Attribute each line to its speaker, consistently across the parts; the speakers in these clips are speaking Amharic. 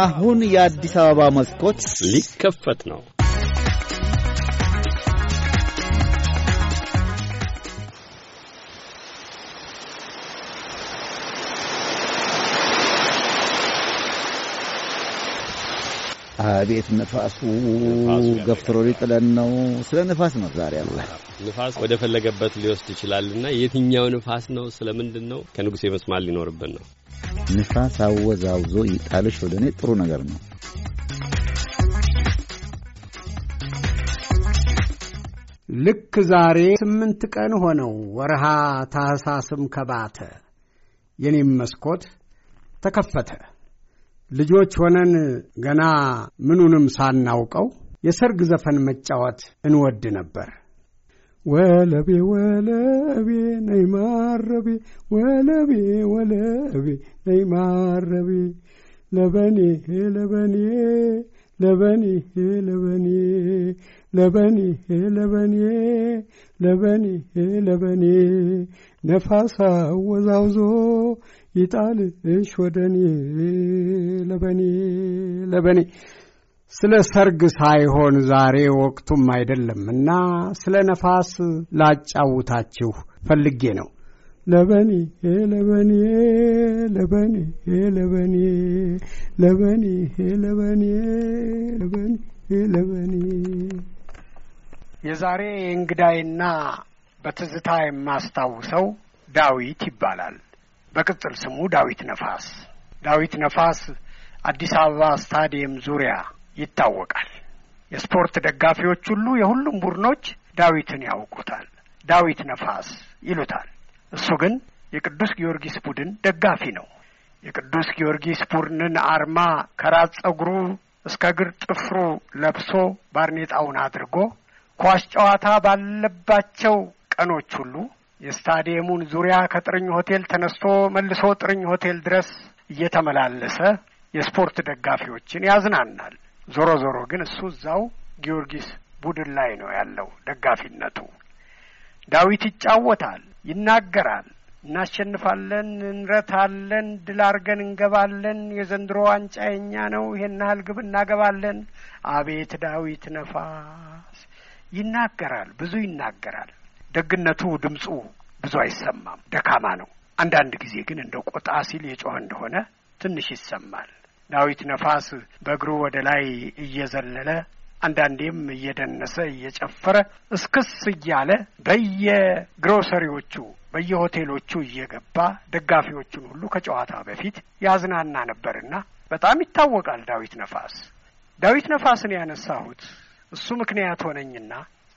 Speaker 1: አሁን የአዲስ አበባ መስኮት ሊከፈት ነው። አቤት ንፋሱ ገፍትሮ ሊጥለን ነው። ስለ ንፋስ ነው ዛሬ አለ። ንፋስ ወደ ፈለገበት ሊወስድ ይችላልና የትኛው ንፋስ ነው? ስለምንድን ነው? ከንጉሴ መስማል ሊኖርብን ነው። ንፋስ አወዛውዞ ይጣልሽ ወደ እኔ ጥሩ ነገር ነው። ልክ ዛሬ ስምንት ቀን ሆነው ወርሃ ታህሳስም ከባተ የኔም መስኮት ተከፈተ። ልጆች ሆነን ገና ምኑንም ሳናውቀው የሰርግ ዘፈን መጫወት እንወድ ነበር። ወለቤ ወለቤ ነይ ማረቤ ወለቤ ወለቤ ነይ ማረቤ ለበኔ ለበኔ ለበኔ ለበኔ ለበኔ ለበኔ ለበኔ ለበኔ ነፋሳ ወዛውዞ ይጣል እሽ ወደ እኔ ለበኔ ለበኔ። ስለ ሰርግ ሳይሆን ዛሬ ወቅቱም አይደለምና ስለ ነፋስ ላጫውታችሁ ፈልጌ ነው። ለበኔ ለበኔ ለበኔ ለበኔ ለበኔ ለበኔ ለበኔ ለበኔ የዛሬ እንግዳይና በትዝታ የማስታውሰው ዳዊት ይባላል። በቅጽል ስሙ ዳዊት ነፋስ ዳዊት ነፋስ አዲስ አበባ ስታዲየም ዙሪያ ይታወቃል። የስፖርት ደጋፊዎች ሁሉ የሁሉም ቡድኖች ዳዊትን ያውቁታል፣ ዳዊት ነፋስ ይሉታል። እሱ ግን የቅዱስ ጊዮርጊስ ቡድን ደጋፊ ነው። የቅዱስ ጊዮርጊስ ቡድንን አርማ ከራስ ጸጉሩ እስከ እግር ጥፍሩ ለብሶ ባርኔጣውን አድርጎ ኳስ ጨዋታ ባለባቸው ቀኖች ሁሉ የስታዲየሙን ዙሪያ ከጥርኝ ሆቴል ተነስቶ መልሶ ጥርኝ ሆቴል ድረስ እየተመላለሰ የስፖርት ደጋፊዎችን ያዝናናል። ዞሮ ዞሮ ግን እሱ እዛው ጊዮርጊስ ቡድን ላይ ነው ያለው ደጋፊነቱ። ዳዊት ይጫወታል፣ ይናገራል። እናሸንፋለን፣ እንረታለን፣ ድል አድርገን እንገባለን፣ የዘንድሮ ዋንጫ የኛ ነው፣ ይሄን ያህል ግብ እናገባለን። አቤት ዳዊት ነፋስ! ይናገራል፣ ብዙ ይናገራል። ደግነቱ ድምፁ ብዙ አይሰማም፣ ደካማ ነው። አንዳንድ ጊዜ ግን እንደ ቆጣ ሲል የጮኸ እንደሆነ ትንሽ ይሰማል። ዳዊት ነፋስ በእግሩ ወደ ላይ እየዘለለ አንዳንዴም እየደነሰ እየጨፈረ እስክስ እያለ በየግሮሰሪዎቹ በየሆቴሎቹ እየገባ ደጋፊዎቹን ሁሉ ከጨዋታ በፊት ያዝናና ነበርና በጣም ይታወቃል ዳዊት ነፋስ። ዳዊት ነፋስን ያነሳሁት እሱ ምክንያት ሆነኝና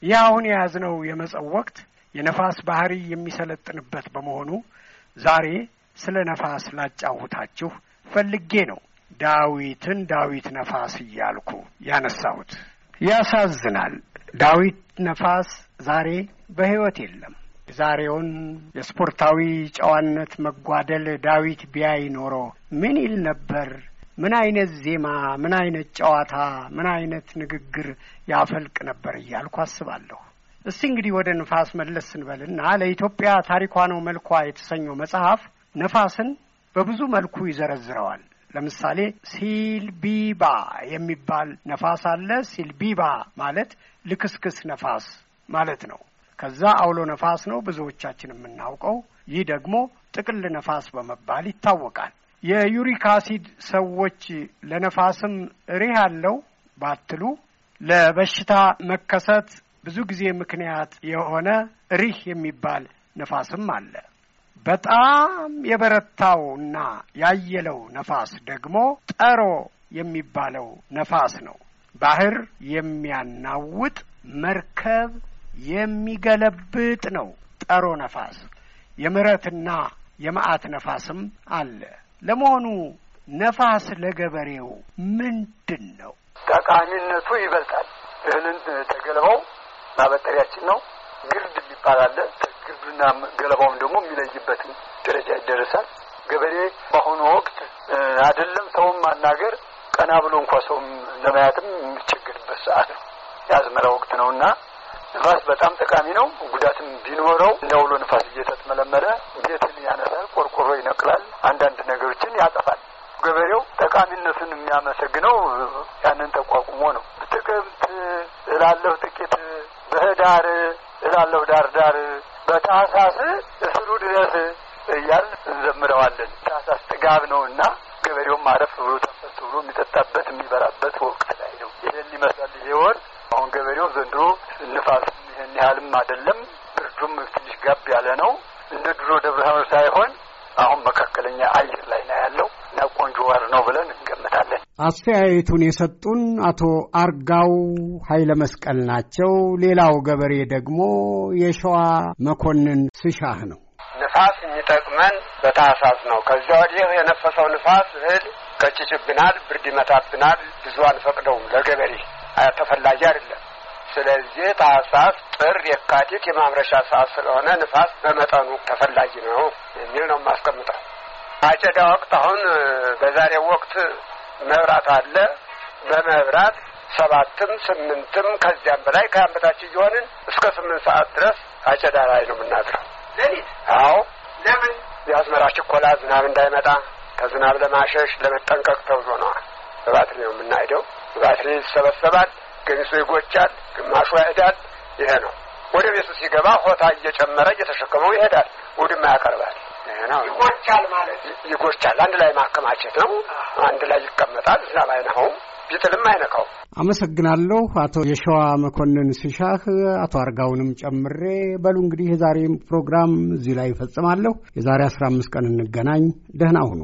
Speaker 1: ይህ አሁን የያዝነው የመጸው ወቅት የነፋስ ባህሪ የሚሰለጥንበት በመሆኑ ዛሬ ስለ ነፋስ ላጫውታችሁ ፈልጌ ነው ዳዊትን ዳዊት ነፋስ እያልኩ ያነሳሁት። ያሳዝናል። ዳዊት ነፋስ ዛሬ በሕይወት የለም። ዛሬውን የስፖርታዊ ጨዋነት መጓደል ዳዊት ቢያይ ኖሮ ምን ይል ነበር ምን አይነት ዜማ፣ ምን አይነት ጨዋታ፣ ምን አይነት ንግግር ያፈልቅ ነበር እያልኩ አስባለሁ። እስቲ እንግዲህ ወደ ንፋስ መለስ ስንበልና ለኢትዮጵያ ታሪኳ ነው መልኳ የተሰኘው መጽሐፍ ነፋስን በብዙ መልኩ ይዘረዝረዋል። ለምሳሌ ሲልቢባ የሚባል ነፋስ አለ። ሲልቢባ ማለት ልክስክስ ነፋስ ማለት ነው። ከዛ አውሎ ነፋስ ነው ብዙዎቻችን የምናውቀው። ይህ ደግሞ ጥቅል ነፋስ በመባል ይታወቃል። የዩሪክ አሲድ ሰዎች ለነፋስም ሪህ አለው ባትሉ ለበሽታ መከሰት ብዙ ጊዜ ምክንያት የሆነ ሪህ የሚባል ነፋስም አለ። በጣም የበረታውና ያየለው ነፋስ ደግሞ ጠሮ የሚባለው ነፋስ ነው። ባህር የሚያናውጥ መርከብ የሚገለብጥ ነው ጠሮ ነፋስ። የምረትና የመዓት ነፋስም አለ። ለመሆኑ ነፋስ ለገበሬው ምንድን ነው? ጠቃሚነቱ ይበልጣል። እህልን ተገለባው ማበጠሪያችን ነው። ግርድ የሚባል አለ። ግርዱና ገለባውም ደግሞ የሚለይበትን ደረጃ ይደረሳል። ገበሬ በአሁኑ ወቅት አይደለም ሰውም ማናገር ቀና ብሎ እንኳ ሰውም ለመያትም የሚቸገርበት ሰዓት ነው። የአዝመራ ወቅት ነው እና ንፋስ በጣም ጠቃሚ ነው። ጉዳትም ቢኖረው እንደ አውሎ ንፋስ እየተጥመለመለ ቤትን ያነሳል፣ ቆርቆሮ ይነቅላል፣ አንዳንድ ነገሮችን ያጠፋል። ገበሬው ጠቃሚነቱን የሚያመሰግነው ያንን ተቋቁሞ ነው። ጥቅምት እላለሁ ጥቂት፣ በህዳር እላለሁ ዳር ዳር፣ በታህሳስ እስሩ ድረስ እያል እንዘምረዋለን። ታህሳስ ጥጋብ ነው እና ገበሬውም አረፍ ብሎ ተፈቱ ብሎ የሚጠጣበት የሚበራበት አስተያየቱን የሰጡን አቶ አርጋው ኃይለ መስቀል ናቸው። ሌላው ገበሬ ደግሞ የሸዋ መኮንን ስሻህ ነው። ንፋስ የሚጠቅመን በታህሳስ ነው። ከዚያ ወዲህ የነፈሰው ንፋስ እህል ቀጭጭብናል፣ ብርድ ይመታብናል። ብዙ አንፈቅደውም፣ ለገበሬ ተፈላጊ አይደለም። ስለዚህ ታህሳስ፣ ጥር፣ የካቲት የማምረሻ ሰዓት ስለሆነ ንፋስ በመጠኑ ተፈላጊ ነው የሚል ነው የማስቀምጠው። አጨዳ ወቅት አሁን በዛሬው ወቅት መብራት አለ። በመብራት ሰባትም ስምንትም ከዚያም በላይ ከአንበታችን እየሆንን እስከ ስምንት ሰዓት ድረስ አጨዳ ላይ ነው የምናድረው። አዎ ለምን የአዝመራ ችኮላ ዝናብ እንዳይመጣ ከዝናብ ለማሸሽ ለመጠንቀቅ ተብሎ ነዋል። በባትሪ ነው የምናሄደው። በባትሪ ይሰበሰባል፣ ገሚሱ ይጎጫል፣ ግማሹ ያሄዳል። ይሄ ነው። ወደ ቤቱ ሲገባ ሆታ እየጨመረ እየተሸከመው ይሄዳል። ውድማ ያቀርባል። ይጎርቻል ማለት አንድ ላይ ማከማቸት ነው። አንድ ላይ ይቀመጣል። እዛ ላይ ነው ቢጥልም አይነካው። አመሰግናለሁ አቶ የሸዋ መኮንን ሲሻህ አቶ አርጋውንም ጨምሬ። በሉ እንግዲህ የዛሬ ፕሮግራም እዚህ ላይ ይፈጽማለሁ። የዛሬ አስራ አምስት ቀን እንገናኝ። ደህና ሁኑ።